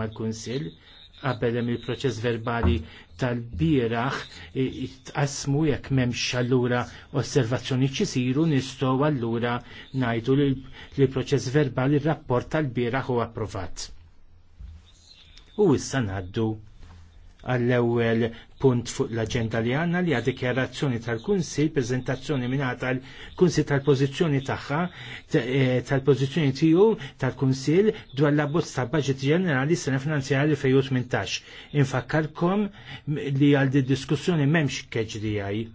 mal-Kunsill qabel hemm il-proċess verbali tal-bieraħ tqasmu jekk m'hemmx allura osservazzjoni ċisiru nistgħu allura ngħidu li l-proċess verbali r-rapport tal-bieraħ huwa approvat. U issa ngħaddu għall-ewwel punt fuq l-aġenda li għandna li dikjarazzjoni tal-Kunsil, prezentazzjoni minna tal-Kunsil tal pozizjoni tagħha, eh, tal-pożizzjoni tiegħu tal-Kunsil dwar l-abbozz tal-Baġit Ġenerali sena finanzjarji 2018. Infakkarkom li għal di diskussjoni m'hemmx għaj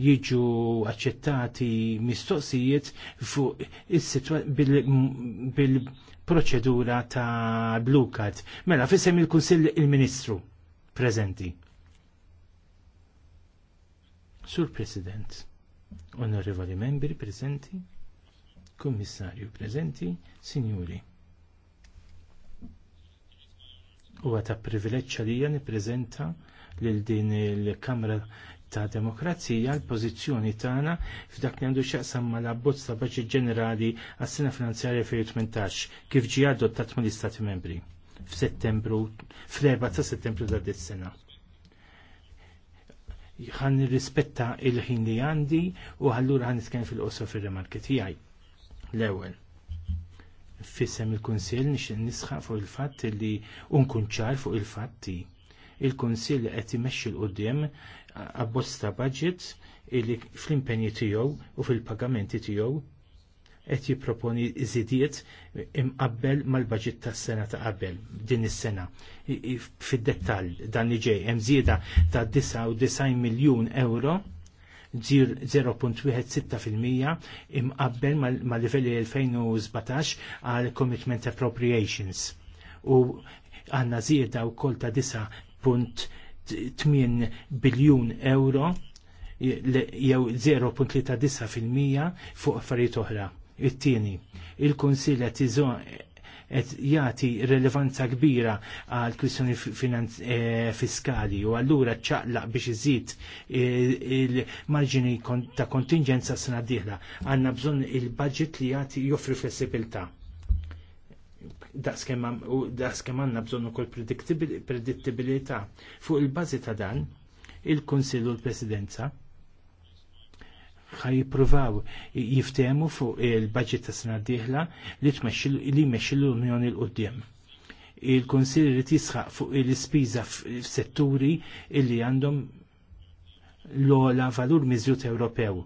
jiġu aċċettati mistoqsijiet fuq bil-proċedura ta' blukat. Mela, fissem il-Kunsill il-Ministru. Prezenti. Sur President, onorevoli membri preżenti, kummissarju preżenti, sinjuri. Huwa ta' li jani nippreżenta lil din il-Kamra ta' Demokrazija l-pożizzjoni tagħna f'dak li għandu x'jaqsam mal-abbozz ta' Baġit Ġenerali għas-sena finanzjarja 2018 kif ġie adottat mill-Istati Membri f'Settembru, fl-4 ta' Settembru ta' dis-sena. Ħan rispetta il-ħin li għandi u għallura ħan nitkellem fil-qosor fir-remarki tiegħi. L-ewwel fissem il-Kunsill nix nisħaq fuq il-fatt li unkun ċar fuq il-fatti. Il-Kunsill qed imexxi l qudiem abbosta budget illi fl-impenji tiegħu u fil-pagamenti tiegħu qed jipproponi iżidiet imqabbel mal-baġit tas-sena ta' qabel din is-sena. Fid-dettall dan li ġej hemm żieda ta' 99 miljun euro 0.16% imqabbel mal-livelli 2017 għal commitment appropriations. U għanna zieda u kol ta' 9.8 biljun euro jew 0.39% fuq affarijiet oħra. It-tieni, il-Kunsill qed qed jagħti rilevanza kbira għal kwistjoni eh, fiskali u allura ċaqlaq biex iżid il-marġini ta' kontingenza sena d-dieħla. Għandna bżonn il-budget li jagħti joffri flessibilità. Daqskemm għandna bżonn ukoll predittibilità fuq il-bażi ta' dan il-Kunsill u l-Presidenza ħaj jippruvaw jiftemu fuq il-budget ta' sena diħla li jmexxi l-Unjoni l-qudiem. Il-Konsil li tisħaq fuq il-ispiża f'setturi illi għandhom l-ola valur miżjut Ewropew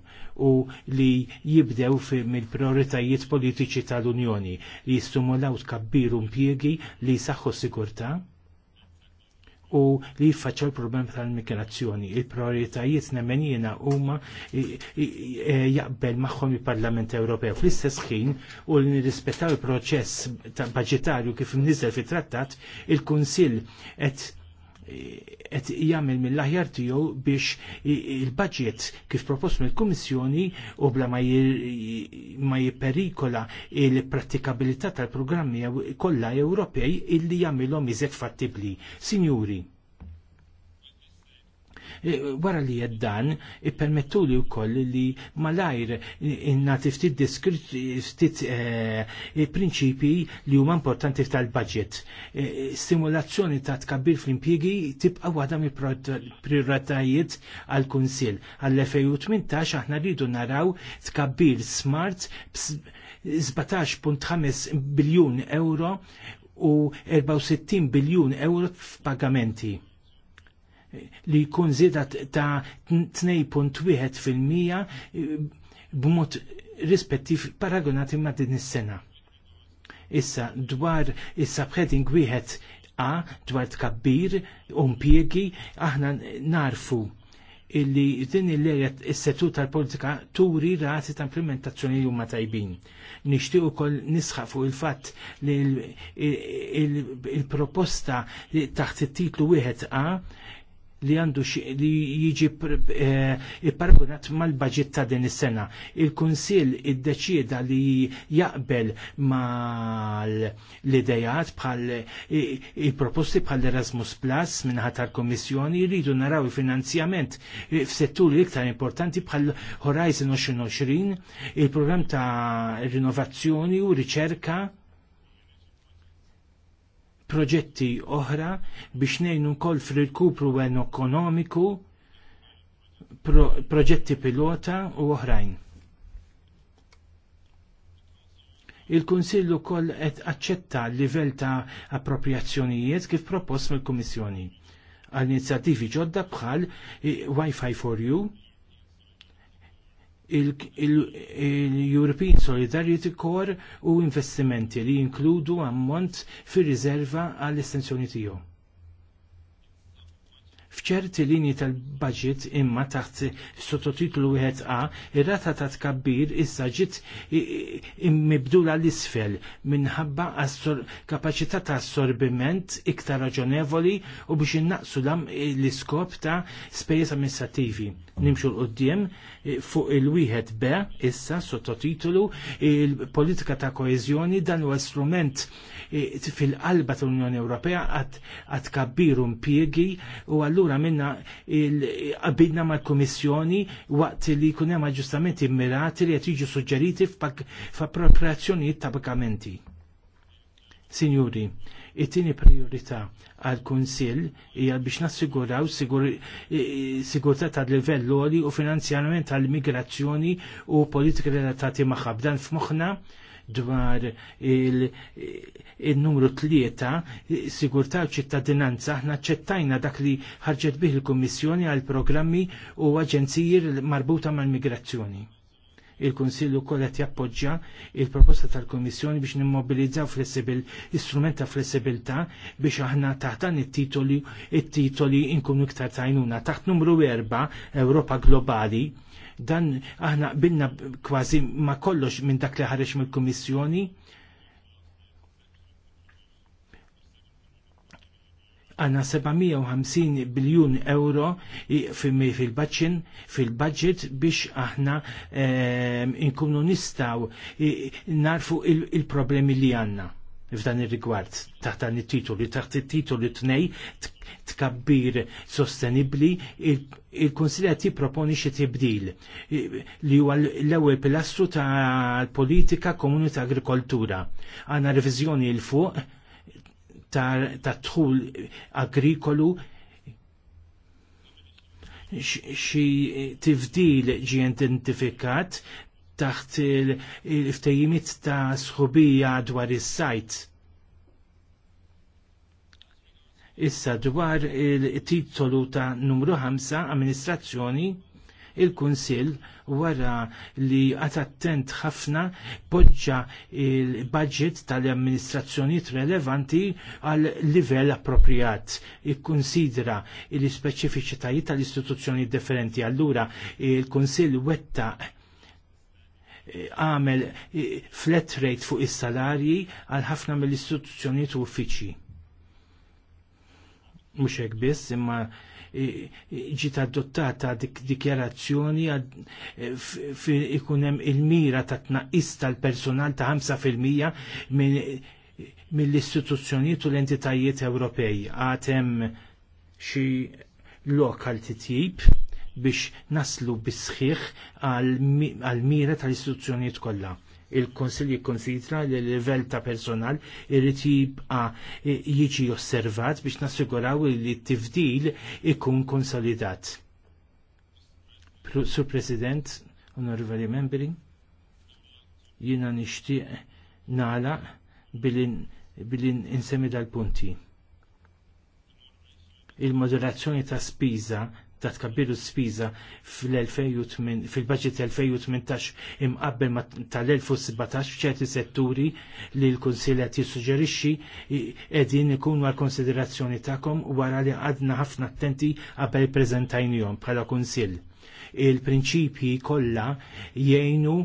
u li jibdew mill-prioritajiet politiċi tal-Unjoni li jistumulaw tkabbiru impjiegi li jisaxħu sigurtà u li jiffaċċaw problemi problem tal immigrazzjoni Il-prioritajiet nemmenjina huma e, jaqbel magħhom il-Parlament Ewropew fl-istess ħin u li nirrispettaw il-proċess budġetarju kif imniżel fit-trattat, il-Kunsill qed qed jagħmel mill-aħjar tiegħu biex il-budget kif propost mill-Kummissjoni u bla ma jipperikola il-prattikabilità tal-programmi kollha Ewropej illi jagħmilhom iżed fattibbli. Sinjuri, Eh, wara li jeddan ippermettu li koll li malajr inna tiftit ftit eh, prinċipi li huma importanti tal-budget. Eh, stimulazzjoni ta' tkabbir fl-impjiegi tibqa' waħda mill-prioritajiet għall kunsil Għall-2018 aħna rridu naraw tkabbir smart 17.5 biljun euro u 64 biljun euro f'pagamenti li jkun zida ta' 2.1 fil-mija e, b'mod rispettiv paragonati ma' din is-sena. Issa dwar is subheading wieħed A dwar tkabbir, mpiegi aħna narfu illi din il-lerja is-setu tal-politika turi rati ta' implementazzjoni li huma tajbin. Nixtieq ukoll nisħaq fuq il-fatt li il-proposta taħt it-titlu wieħed A li għandu li jiġi eh, paragonat mal-budget ta' din is-sena. Il-Kunsill iddeċieda li jaqbel mal l-idejat bħal il-proposti bħal Erasmus Plus minnaħat tal komissjoni jridu naraw il-finanzjament f'setturi iktar importanti bħal Horizon 2020, il-programm ta' rinnovazzjoni u riċerka proġetti oħra biex nejnu kol fil-kupru għen ekonomiku, pro proġetti pilota u oħrajn. Il-Kunsillu kol qed aċċetta l-livell ta' appropriazzjonijiet kif propost mill-Kummissjoni għal inizjattivi ġodda bħal Wi-Fi for You il-European il, il Solidarity Corps u investimenti li jinkludu ammont fir riserva għall-estensjoni tiegħu. F'ċerti linji tal-budget imma taħt sottotitlu 1A, ir-rata ta' tkabbir issa ġiet immibdula l-isfel minħabba kapaċità ta' assorbiment iktar raġonevoli u biex innaqsu l-iskop ta' spejjeż amministrativi nimxu l-qoddim eh, fuq il-wieħed B issa sottotitolu il-politika ta' koezjoni dan huwa strument eh, fil-qalba tal-Unjoni Ewropea għat kabbiru impjiegi u allura minna qabidna mal-Kummissjoni waqt li jkun hemm aġġustamenti immirati li qed suġġeriti f'appropriazzjonijiet ta' bakamenti. Signori, It-tieni priorità għal kunsill hija biex nassiguraw sigurtà tal livell għoli u finanzjament tal migrazzjoni u politika relatati magħha. B'dan f'moħħna dwar il-numru il tlieta sigurtà u ċittadinanza aħna ċettajna dak li ħarġet bih il-Kummissjoni għal programmi u aġenziji marbuta mal-migrazzjoni Il-Kunsillu qed jappoġġja il-proposta tal-Komissjoni biex nimmobilizzaw flessibil istrument ta' flessibilità biex aħna taħt dan it-titoli it-titoli inkunu iktar tajnuna. Taħt numru 4 Ewropa Globali dan aħna binna kważi ma kollox minn dak li ħareġ mill-Kummissjoni għanna 750 biljun euro fil-budget fil-budget biex aħna ehm, inkunu nistaw narfu il-problemi li għanna f'dan ir-rigward taħt dan it-titoli, taħt it-titoli tnej tkabbir sostenibli, il-Konsilja ti proponi xi tibdil li huwa l-ewwel pilastru tal-politika komuni ta' agrikoltura. Għandna reviżjoni l fuq ta' tħul agrikolu xi tifdil ġi identifikat taħt il-ftejimit ta' sħubija dwar is-sajt. Issa dwar il-titolu ta' numru 5 amministrazzjoni Il-Kunsill wara li għat attent ħafna poġġa il-budget tal-amministrazzjonijiet relevanti għal livell appropriat. Ikkunsidra il-speċifiċitajiet tal-istituzzjoni differenti. Allura il-Kunsill wetta għamel e, flat rate fuq is-salarji għal ħafna mill-istituzzjonijiet u uffiċi. Mhux hekk biss, imma ġiet adottata dik dikjarazzjoni eh, ikun hemm il-mira ta' tnaqqis tal-personal ta' 5% mill-istituzzjonijiet u l-entitajiet Ewropej għatem xi lokal titjib biex naslu bisħiħ għal mira tal-istituzzjonijiet kollha il-Konsil jikkonsidra li l-livell ta' personal irrit jibqa jiġi osservat biex nassiguraw li t-tifdil ikun konsolidat. Sur President, onorevoli membri, jina nixtieq nala billi insemi dal-punti. Il-moderazzjoni ta' spiza ta' tkabbiru s-spiza fil-budget 2018 imqabbel ma tal-2017 f'ċerti setturi li l-Kunsill qed jissuġġerixxi qegħdin ikunu għal konsiderazzjoni tagħkom wara li għadna ħafna attenti qabel preżentajnihom bħala Kunsill. Il-prinċipji kollha jgħinu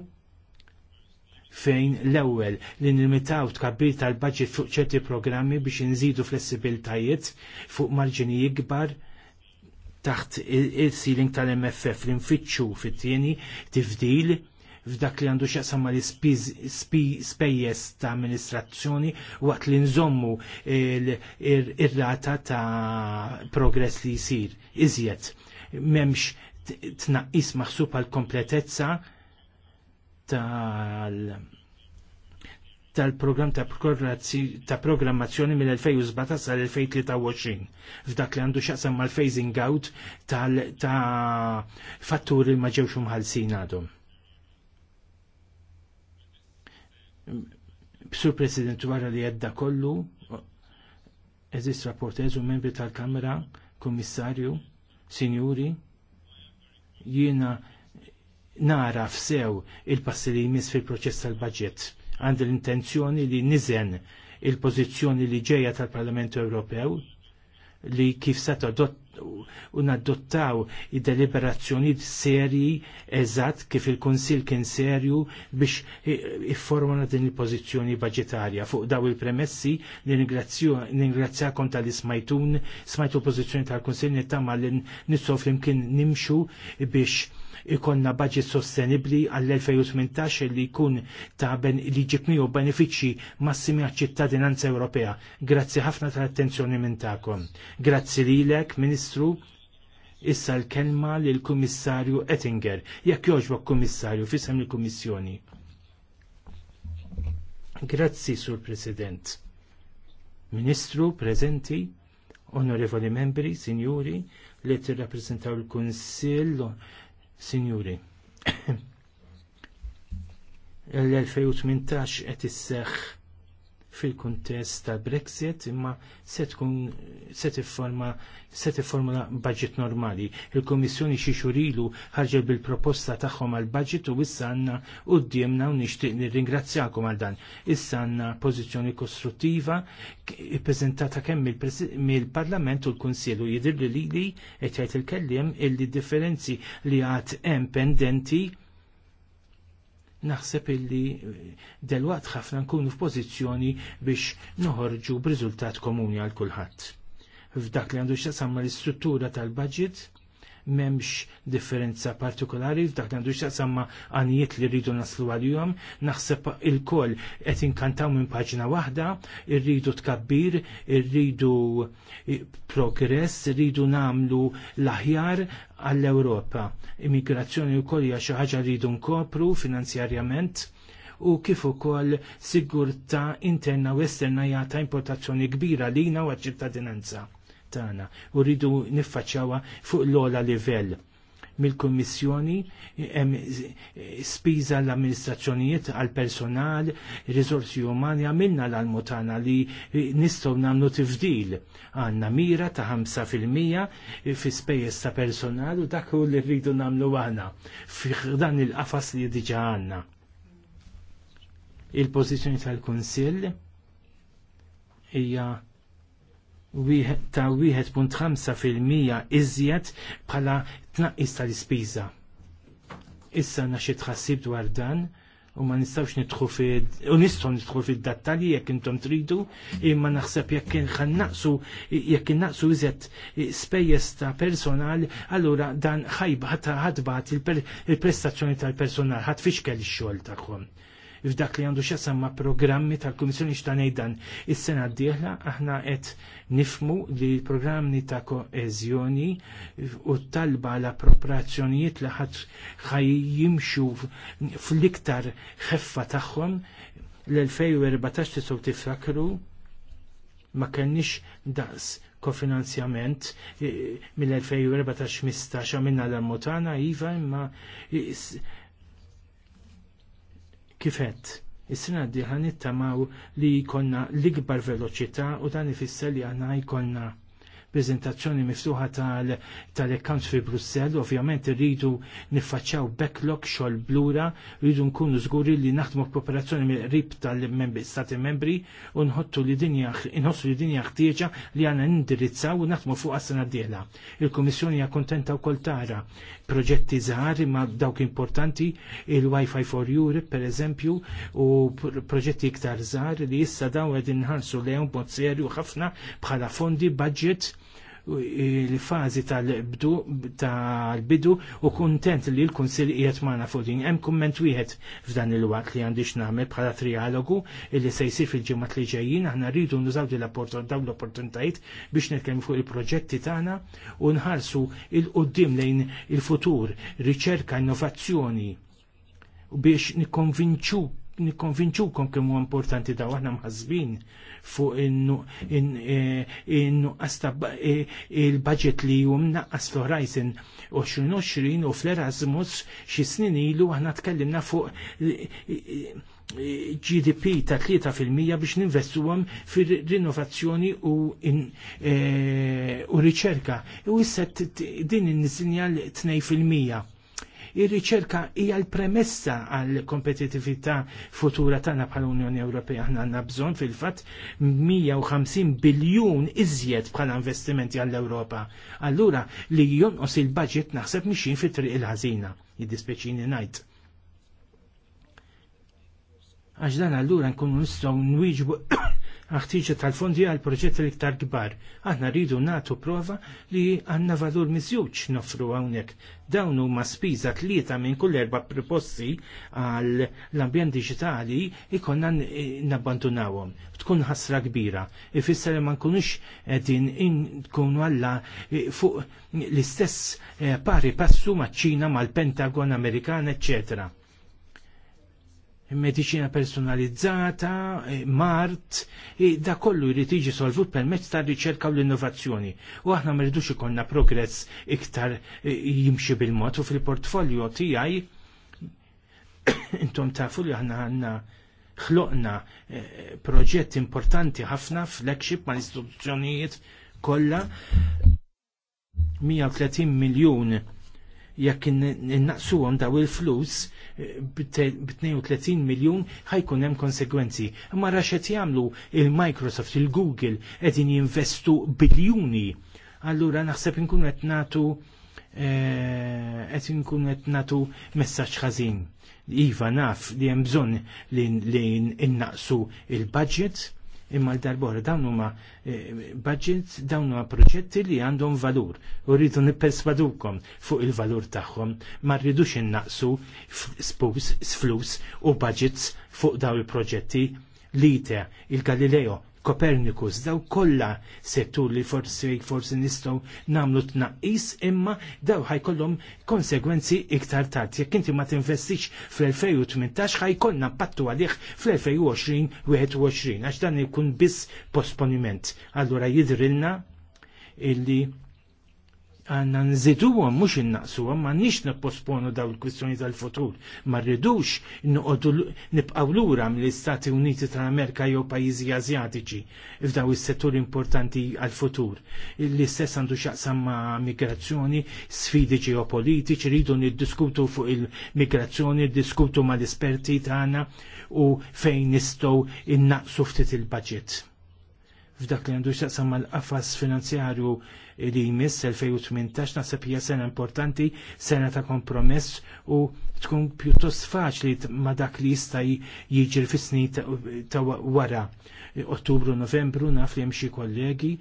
fejn l-ewwel li nimitaw tkabbir tal-budget fuq ċerti programmi biex inżidu flessibiltajiet fuq marġini ikbar taħt il-ceiling tal-MFF li nfittxu fit-tieni tifdil f'dak li għandu ma l spejjes ta' amministrazzjoni waqt li nżommu ir-rata ta' progress li jisir. Iżjed, memx tnaqqis maħsub għal kompletezza tal tal-programm ta', ta programmazzjoni mill-2017 sal-2023 f'dak li għandu xaqsam mal-phasing out ta' fatturi ma ġewx umħalsin għadhom. Sur President wara li għedda kollu, eżist rapportez u membri tal-Kamra, Komissarju, Sinjuri, jiena nara f'sew il-passi li jmiss fil-proċess tal-budget Għand l-intenzjoni li nizen il-pozizjoni li ġeja tal-Parlament Ewropew li kif sat unadottaw id-deliberazzjoni serji eżatt kif il-Konsil kien serju biex ifformana din il-pozizjoni budgetarja. Fuq daw il-premessi ningrazzjakom tal-ismajtun, smajtu pozizjoni tal-Konsil nittama li nissof li nimxu biex ikonna budget sostenibli għall-2018 li jkun ta' li ġib miegħu benefiċċji massimi għaċ-ċittadinanza Ewropea. Grazzi ħafna tal-attenzjoni minn tagħkom. Grazzi lilek, Ministru, issa l-kelma lil kummissarju Ettinger. Jekk jogħġbok kummissarju fisem l kummissjoni Grazzi, Sur President. Ministru, prezenti, onorevoli membri, sinjuri, li t-rappresentaw il kunsill Sinjuri. L-2018 għet qed seħ fil-kuntest tal-Brexit imma se tkun se tifforma se tifformula budget normali. Il-Kummissjoni xi xurilu ħarġet bil-proposta tagħhom għal budget u issa għandna quddiemna u nixtieq nirringrazzjakom għal dan. Issa għandna pożizzjoni kostruttiva ippreżentata kemm mill-Parlament u l-Kunsill u jidhirli lili qed jgħid il-kelliem illi differenzi li għad hemm pendenti naħseb illi eh, delwaqt ħafna nkunu f'pożizzjoni biex noħorġu b'riżultat komuni għal kulħadd. F'dak li għandu x'taqsam l-istruttura tal-budget, memx differenza partikolari f'dak li għandu xaqsamma għanijiet li rridu naslu għal-jom, naħseb il kol qed inkantaw minn paġna waħda, irridu tkabbir, irridu eh, progress, irridu namlu l-aħjar għall-Ewropa. Immigrazzjoni u koll hija xi ħaġa rridu nkopru finanzjarjament u kif ukoll sigurtà interna u esterna jagħta importazzjoni kbira lina u għaċ-ċittadinanza. Tana u rridu niffaċċawha fuq l-ogħla livell mill-Kummissjoni hemm spiża l-amministrazzjonijiet għal personal, riżorsi umani għamilna l almutana li nistgħu nagħmlu tifdil. Għandna mira ta' 5% fi spejjeż ta' personal u dak li rridu nagħmlu aħna fi dan il-qafas li diġà għandna. Il-pożizzjoni tal-Kunsill hija ta' 1.5% iżjed bħala tnaqqis tal-ispiża. Issa naxi xi tħassib dwar dan u ma nistawx nidħu fi u nistgħu nidħu fid-dettalji jekk intom tridu, imma naħseb jekk naqsu, jekk innaqsu iżjed spejjeż ta' personal, allura dan ħajba ħadbat il-prestazzjoni tal-personal ħadd fixkel ix-xogħol tagħhom f'dak li għandu xasam ma' programmi tal-Komissjoni x'tanej Is-sena d-dieħla aħna qed nifmu li l-programmi ta' koeżjoni u talba l appropriazzjonijiet li ħadd jimxu fl-iktar ħeffa tagħhom l-2014 tistgħu tifakru ma kellniex daqs kofinanzjament eh, mill-2014-15 għamilna l-Motana, Iva, imma Kifet, is-sena diħa nittamaw li jkollna l-ikbar veloċità u dan ifisser li għana jkollna prezentazzjoni miftuħa tal-accounts fi Brussell, ovvjament rridu niffaċċaw backlog xol blura, rridu nkunu żguri li naħdmu kooperazzjoni mill qrib tal-stati membri u nħottu li dinja nħossu li dinja ħtieġa li għana nindirizzaw u naħdmu fuq għas-sena d-dieħla. Il-Kummissjoni għakontenta u koltara tara proġetti żgħar imma dawk importanti il-Wi-Fi for Europe per eżempju u proġetti iktar żgħar li issa dawn qed inħarsu lejhom bot serju ħafna bħala fondi budget il-fazi tal-bdu tal-bidu u kuntent li l-Kunsil jiet maħna fuq Hemm kumment wieħed f'dan il-waqt li għandix nagħmel bħala trialogu illi se jsir fil-ġimgħat li ġejjin aħna rridu nużaw dawn l-opportunitajiet biex nitkellmu fuq il-proġetti tagħna u nħarsu il-qudiem lejn il-futur, riċerka, innovazzjoni biex nikkonvinċu nikkonvinċukom kemm huwa importanti daw aħna mħazbin fuq innu eh, eh, il-budget li jum naqqas fl-Horizon 2020 u fl-Erasmus xi snin ilu aħna tkellimna fuq eh, GDP ta' 3% biex ninvestuhom fir-rinnovazzjoni u u riċerka. U issa din in-nisinja 2%. Ir-riċerka hija l-premessa għal kompetitività futura tagħna bħal Unjoni Ewropea aħna għandna bżonn fil-fatt 150 biljun iżjed bħala investimenti għall ewropa Allura li jonqos il-budget naħseb mixin fit-triq il-ħażina, jiddispeċini ngħid għax dan allura nkunu nistgħu nwieġbu aħtiġa tal-fondi għal proġett l-iktar kbar. Aħna rridu natu prova li għanna valur miżjuġ nofru hawnhekk. Dawn huma spiża tlieta minn kull erba' proposti għal l-ambjent diġitali ikonna e, nabbandunawhom. Tkun ħasra kbira. Ifisser ma nkunux qegħdin inkunu alla e, fuq l-istess e, pari passu maċ-Ċina mal-Pentagon Amerikan, eċċetera medicina personalizzata, eh, mart, e da kollu jrid jiġi solvut permezz ta' riċerka u l-innovazzjoni. U aħna mridux ikollna progress iktar eh, jimxi bil-mod u fil-portfolio tiegħi intom tafu li aħna għandna ħloqna eh, proġett importanti ħafna flagship ma' istituzzjonijiet kollha 130 miljun jekk innaqsuhom daw il-flus eh, b-32 miljun ħajkun hemm konsegwenzi. Imma ra xed jagħmlu il-Microsoft, il-Google qegħdin jinvestu biljuni. Allura naħseb inkun qed nagħtu eh, qed inkun qed nagħtu messaġġ ħażin. Iva naf li hemm bżonn li innaqsu il-budget, imma l-darbora dawn huma budgets, dawn huma proġetti li għandhom valur u rridu nipperswadukom fuq il-valur tagħhom ma rridux innaqsu spus, sflus u budgets fuq daw il-proġetti te il-Galileo Kopernikus, daw kollha settur li forsi forsi nistgħu nagħmlu tnaqqis imma daw ħajkollhom konsegwenzi iktar tard. Jekk inti ma tinvestix fl-2018 ħajkollna pattu għalih fl-2020-21 għax dan ikun biss posponiment. Allura jidrilna illi għanna nżidu għam mux innaqsu għam ma nix nipposponu daw il-kwistjoni tal-futur ma rridux nqoddu l lura mill-Istati Uniti tal-Amerika jew pajjiżi Azjatiċi f'daw is-settur importanti għal-futur. L-istess għandu xaqsam ma migrazzjoni, sfidi ġeopolitiċi, rridu niddiskutu fuq il-migrazzjoni, diskutu ma l-esperti tagħna u fejn nistgħu innaqsu ftit il-budget f'dak li għandu xaqsam mal-qafas finanzjarju li jmiss 2018 nasab hija sena importanti, sena ta' kompromess u tkun pjuttost faċli ma' dak li jista' jiġi fis-snin ta' wara. Ottubru, Novembru naf li hemm xi kollegi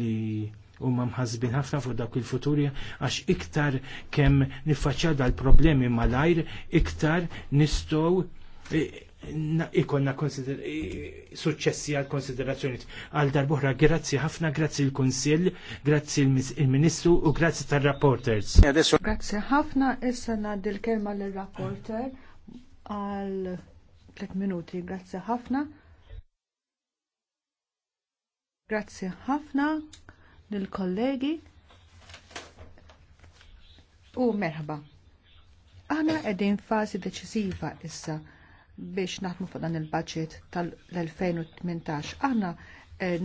li u mħazbin ħafna fuq dak il-futuri għax iktar kemm niffaċċja dal-problemi mal-ajr, iktar nistgħu eh, ikonna successi għal konsiderazzjoni għal darbohra grazzi ħafna grazzi l-Konsil grazzi l-Ministru u grazzi tal-Rapporters e Grazzi ħafna issa naddi l-kelma l-Rapporter għal 3 minuti grazzi ħafna Grazzi ħafna l-kollegi u merħba Aħna qegħdin fazi deċisiva issa biex naħdmu fuq dan il-budget tal-2018. Aħna eh,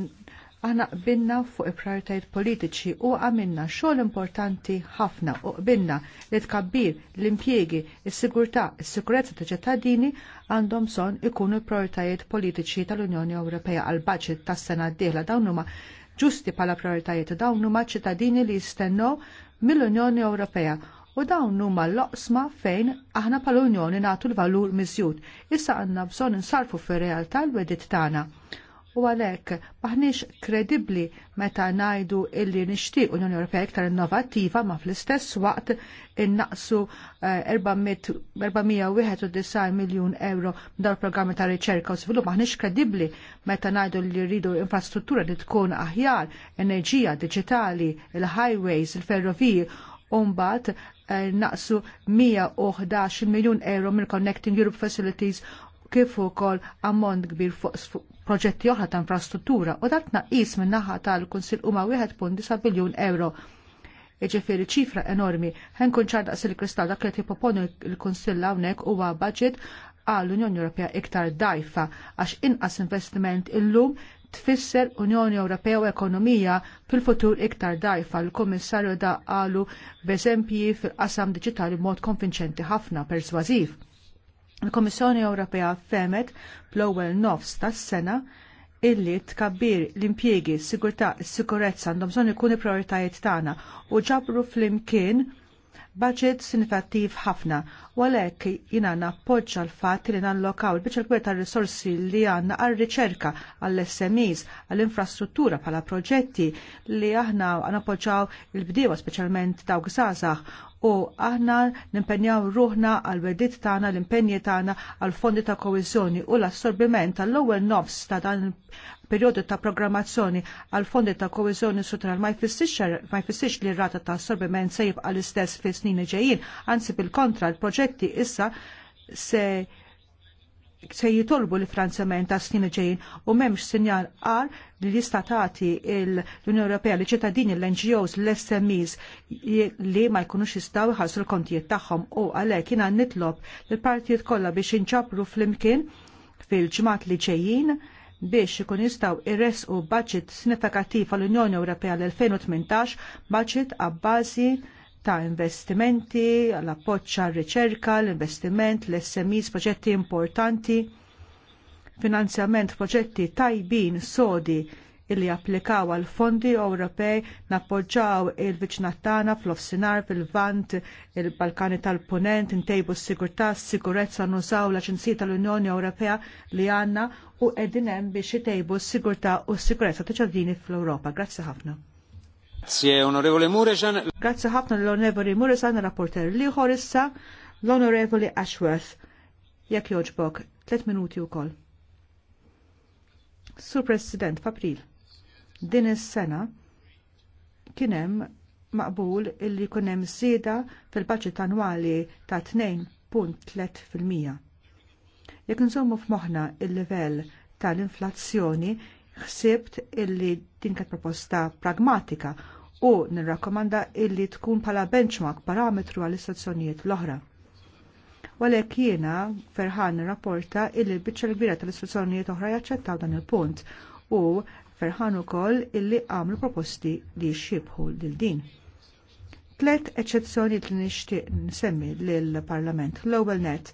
aħna qbinna fuq il-prioritajiet politiċi u għamilna xogħol importanti ħafna u qbinna li tkabbir l-impjiegi, is-sigurtà, is-sikurezza ta' ċittadini għandhom son ikunu prioritajiet politiċi tal-Unjoni Ewropea għal budget tas-sena d-dieħla dawn huma ġusti bħala prioritajiet dawn huma ċittadini li jistennew mill-Unjoni Ewropea u dawn huma l-oqsma fejn aħna pal unjoni nagħtu l-valur miżjud. Issa għandna bżonn insarfu fir-realtà l-wedit tagħna. U għalhekk maħniex kredibbli meta ngħidu illi nixtieq Unjoni Ewropea iktar innovattiva ma fl-istess waqt innaqsu 491 eh, miljun euro dal programmi ta' riċerka u svilu maħniex kredibbli meta ngħidu li rridu infrastruttura li tkun aħjar, enerġija, diġitali, il-highways, il-ferroviji Umbat eh, naqsu 111 miljun euro mill Connecting Europe Facilities kif ukoll ammont kbir fuq proġetti oħra ta' infrastruttura u dak naqis minn naħa tal-Kunsill huma 1.9 biljun euro. Iġifieri ċifra enormi. kun ċar daqs il-kristall dak li tippoponu l-Kunsill hawnhekk huwa budget għall unjoni Ewropea iktar dajfa għax inqas investiment illum tfisser Unjoni Ewropea u ekonomija fil-futur iktar dajfa. L-Kummissarju da qalu b'eżempji fil-qasam diġitali mod konvinċenti ħafna persważiv. il komissjoni Ewropea femet fl-ewwel nofs tas-sena illi tkabbir l-impjiegi, s-sigurtà, s-sikurezza għandhom bżonn ikunu prioritajiet tagħna u ġabru fl-imkien budget sinifattiv ħafna, u għalhekk jiena nappoġġa l-fatt li nallokaw il-biċċa kbir tar-risorsi li għandna għar-riċerka, għall-SMEs, għall-infrastruttura bħala proġetti li aħna nappoġġaw il-bdiewa speċjalment dawk żgħażagħ u aħna nimpenjaw ruħna għal wedit tagħna l-impenji tagħna għal fondi ta' koeżjoni u l-assorbiment tal-ewwel nofs ta' dan il-perjodu ta' programmazzjoni għal fondi ta' koeżjoni sutral ma jfissirx er- li r-rata ta' assorbiment se jibqa' l-istess fis snin ġejjin, anzi bil-kontra l-proġetti issa se se jitolbu li franzament ta' snin ġejjin u memx sinjal għal li l-istatati l-Unjoni Ewropea li ċittadini l-NGOs, l-SMEs li ma jkunux jistaw ħassu l-kontijiet tagħhom u għalhekk jiena nitlob l-partijiet kollha biex inċabru flimkien fil-ġimgħat li ġejjin biex ikun jistgħu irresqu budget sinifikattiv għall-Unjoni Ewropea l-2018 budget għabbażi ta' investimenti, għall appoġġ għar riċerka l-investiment, l-SMEs, proġetti importanti, finanzjament proġetti tajbin, sodi, illi applikaw għal fondi Ewropej nappoġġaw il-viċnat tagħna fl-offsinar fil-vant il-Balkani tal-Punent intejbu s-sigurtà, s-sigurezza nużaw l-Aġenzija tal-Unjoni Ewropea li għandna u qegħdin hemm biex itejbu s-sigurtà u s-sigurezza ta' ċadini fl-Ewropa. Grazzi ħafna. Grazie, onorevole Muresan. Grazie ħafna l onorevole Muresan, rapporter li issa, l-onorevoli Ashworth. Jekk joġbok, tlet minuti wkoll. Sur President, f'April, din is-sena kien hemm maqbul illi jkun hemm żieda fil budget annwali ta' 2.3%. Jekk nżommu f'moħħna il-livell tal-inflazzjoni, ħsibt illi din kienet proposta pragmatika u nirrakkomanda illi tkun pala benchmark parametru għall istazzjonijiet l-oħra. Walek jiena ferħan rapporta illi l-bicċa l gbira tal-istazzjonijiet oħra jaċċettaw dan il-punt u ferħan ukoll illi għamlu proposti li xibħu lil din. Tlet eċezzjoni li nixtieq nsemmi lill-Parlament. Global net,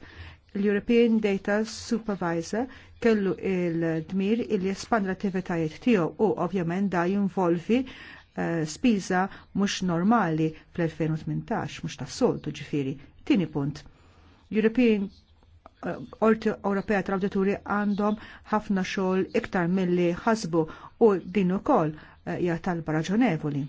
l-European Data Supervisor kellu il-dmir il jespand l-attivitajiet tiegħu u ovvjament da jinvolvi Eh, spiża mhux normali fl-2018, mhux tas-soltu ġifieri. Tieni punt. European eh, Orti Ewropea tal-Awdituri għandhom ħafna xogħol iktar milli ħasbu u din ukoll eh, hija talba raġonevoli.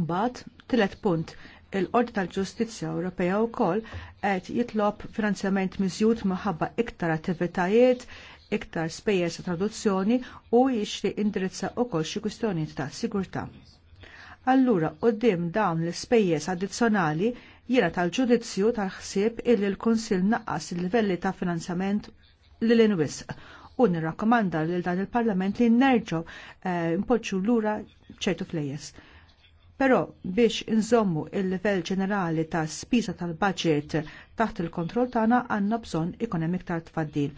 Mbagħad tielet punt il-Qorti tal-Ġustizzja Ewropea wkoll qed jitlob finanzjament miżjud maħabba iktar attivitajiet iktar spejjeż ta' traduzzjoni u jixtieq indirizza wkoll xi kwistjonijiet ta' sigurtà. Allura qudiem dawn l-ispejjeż addizzjonali jiena tal-ġudizzju tal-ħsieb illi l-Kunsill naqqas il-livelli ta' finanzjament lil l u nirrakkomanda lil dan il-Parlament li nerġo eh, l lura ċertu flejjes. Però biex inżommu il-livell ġenerali ta' spisa tal-budget taħt il-kontroll tagħna għandna bżonn ikun hemm iktar tfaddil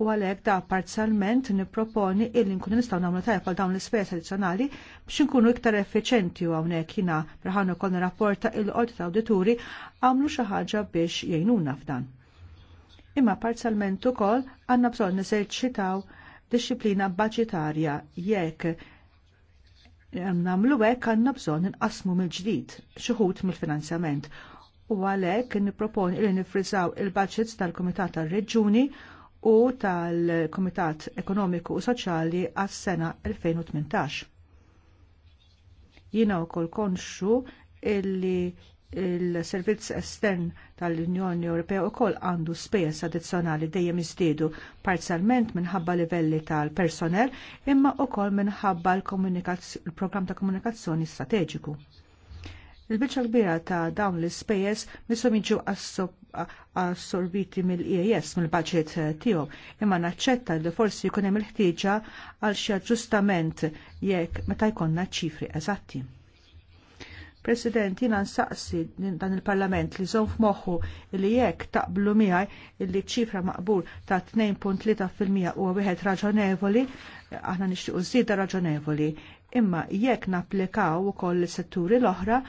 u għalhekk da parzialment nipproponi illi nkunu nistgħu nagħmlu tajjeb għal dawn l-ispejjeż addizzjonali biex inkunu iktar effiċenti u hawnhekk jiena raħan ukoll rapporta il qorti ta' awdituri għamlu xi ħaġa biex jgħinuna f'dan. Imma parzialment ukoll għandna bżonn niserċitaw disċiplina baġitarja jekk nagħmlu hekk għandna bżonn inqasmu mill-ġdid xi mill-finanzjament u għalhekk nipproponi li nifriżaw il-budgets tal-Kumitat tar-Reġuni il budgets tal kumitat tar reġuni u tal-Komitat Ekonomiku u Soċjali għas-sena 2018. Jiena wkoll konxu illi il-servizz estern tal-Unjoni Ewropea wkoll għandu spejjeż addizzjonali dejjem iżdiedu parzialment minħabba livelli tal personel imma wkoll minħabba l-programm ta' komunikazzjoni strateġiku. Il-biċċa kbira ta' dawn l-ispejjeż misom jiġu assorbiti mill-EAS mill-budget eh, tiegħu, imma naċċetta li forsi jkun hemm il-ħtieġa għal xi aġġustament jekk meta jkollna ċifri eżatti. President, jina nsaqsi dan il-Parlament li zon f'moħħu li jekk taqblu miegħi li ċifra maqbul ta' 2.3% huwa wieħed raġonevoli, aħna nixtiequ żieda raġonevoli, imma jekk napplikaw ukoll is-setturi l-oħra,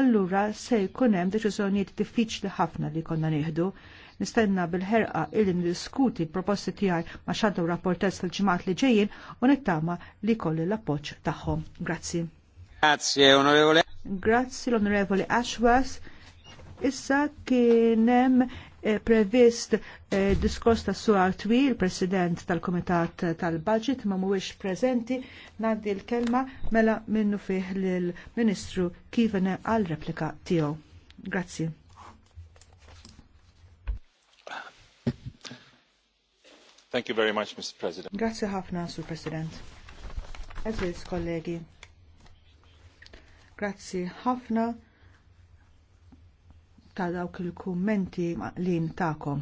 allura se jkun hemm deċiżjonijiet diffiċli ħafna li konna nieħdu. Nistenna bil-ħerqa illi niskuti l-proposti tiegħi ma' xadow rapportess fil-ġimgħat li ġejjin u nittama li kolli l-appoġġ tagħhom. Grazzi. Grazie, onorevole. Grazie, onorevole Ashworth. Issa kienem eh, previst eh, diskors ta' Suar Twil, il-President tal-Komitat tal-Budget, ma' mhuwiex prezenti, Nandi l-kelma mela minnu fih l-Ministru Kivene għal-replika tiegħu. Grazzi. Thank you very much, Mr. President. Grazzi ħafna, Sur President. Eżis, kollegi. Grazzi ħafna ta' dawk il-kummenti li ntakom.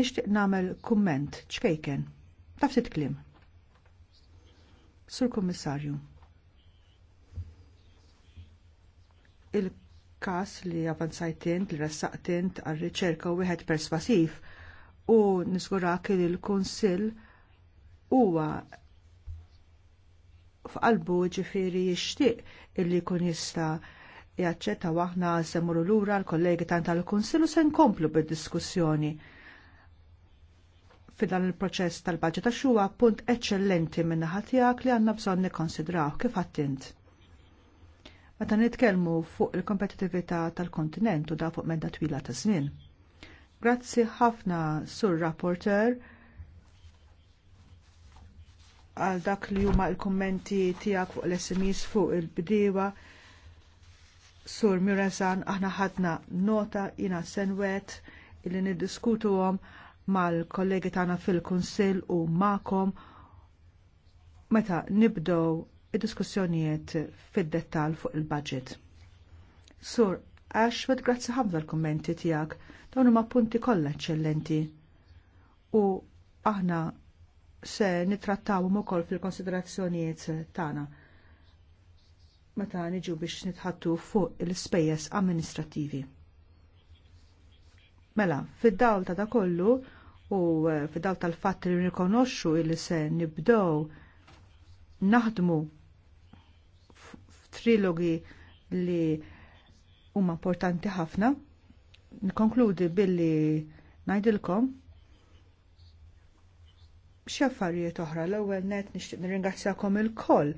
Nixtieq nagħmel kumment ċfejken. Taf titklim. Sur Kummissarju. Il-kas li avanzajtint, li rassaqtint għal riċerka u wieħed perspasiv u nisgurak li l-Kunsill huwa f'qalbu ġifiri jixtieq illi jkun jista' jaċċetta waħna semmuru lura l-kollegi tant tal-Kunsilu se nkomplu bid-diskussjoni fidan il-proċess tal-budget għax huwa punt eċċellenti minn naħa tiegħek li għandna bżonn nikkonsidraw kif għattint. Meta nitkellmu fuq il-kompetitività tal-kontinent u da fuq medda twila ta' żmien. Grazzi ħafna sur rapporter għal dak li huma l-kummenti tiegħek fuq l-SMS fuq il-bdiewa. Sur Murazan aħna ħadna nota jina senwet illi niddiskutuhom mal-kollegi tagħna fil-Kunsill u ma'kom meta nibdow id-diskussjonijiet fid-dettall fuq il-budget. Sur Ashford, grazzi ħafna l-kommenti tiegħek. Dawn huma punti kollha eċċellenti. U aħna se nittrattawhom ukoll fil-konsiderazzjonijiet tagħna meta niġu biex nitħattu fuq il-spejjeż amministrattivi. Mela, fid-dawl ta' dakollu u eh, fid-dawl tal-fatt li nirkonoxxu li se nibdew naħdmu f'trilogi li huma importanti ħafna, nikkonkludi billi ngħidilkom xi affarijiet oħra l-ewwel net nixtieq nirringrazzjakom il-koll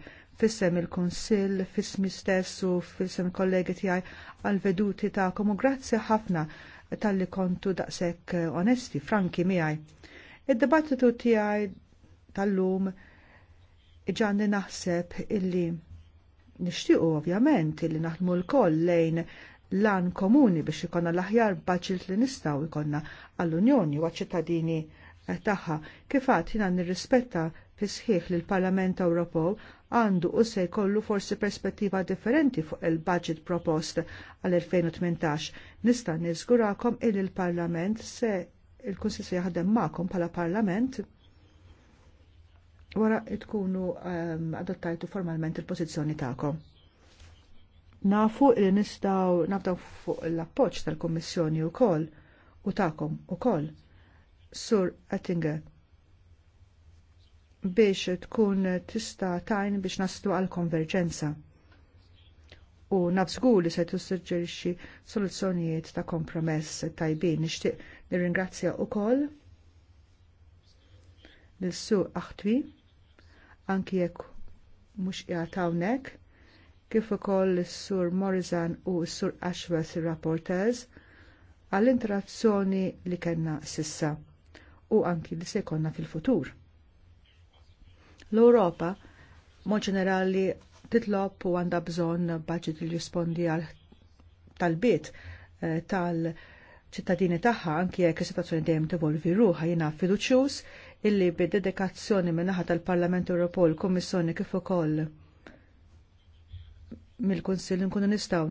fissem il kunsill fissmi stess u fissem kollegi tiegħi għal-veduti ta' u grazzi ħafna tal-li kontu daqshekk onesti, franki miegħi. Id-dibattitu tiegħi tal-lum ġanni naħseb illi nixtiequ ovvjament illi naħdmu l-koll lejn lan komuni biex ikonna l-aħjar baġit li nistgħu jkollna għall-Unjoni u għaċ-ċittadini Eh, taħħa Kif għad jiena nirrispetta fisħiħ li l-Parlament Ewropew għandu u se jkollu forsi perspettiva differenti fuq il-budget propost għal-2018. Nista' niżgurakom il il-Parlament se il-Kunsil se jaħdem magħkom bħala Parlament wara tkunu um, adottajtu formalment il-pożizzjoni tagħkom. Nafu li nistgħu nafdaw fuq l-appoġġ tal-Kummissjoni wkoll u tagħkom ukoll Sur Attinger biex tkun tista tajn biex naslu għal konverġenza u nafsgu li se tussuġġerixxi soluzzjonijiet ta' kompromess tajbin. Nixtieq nirringrazzja wkoll l-su aħtwi anki jekk mhux qiegħed hawnhekk kif ukoll is-sur Morizan u s-sur Ashworth ir-rapporters għall-interazzjoni li kellna sissa u anki li se jkollna fil-futur. L-Ewropa mod ġenerali titlob u għandha bżonn budget li jispondi għal tal-bit eh, tal-ċittadini tagħha anki jekk is-sitwazzjoni dejjem tevolvi ruħa jiena fiduċjuż illi bid-dedikazzjoni min-naħa tal-Parlament Ewropew l-Kummissjoni kif ukoll mill-Kunsill nkunu nistgħu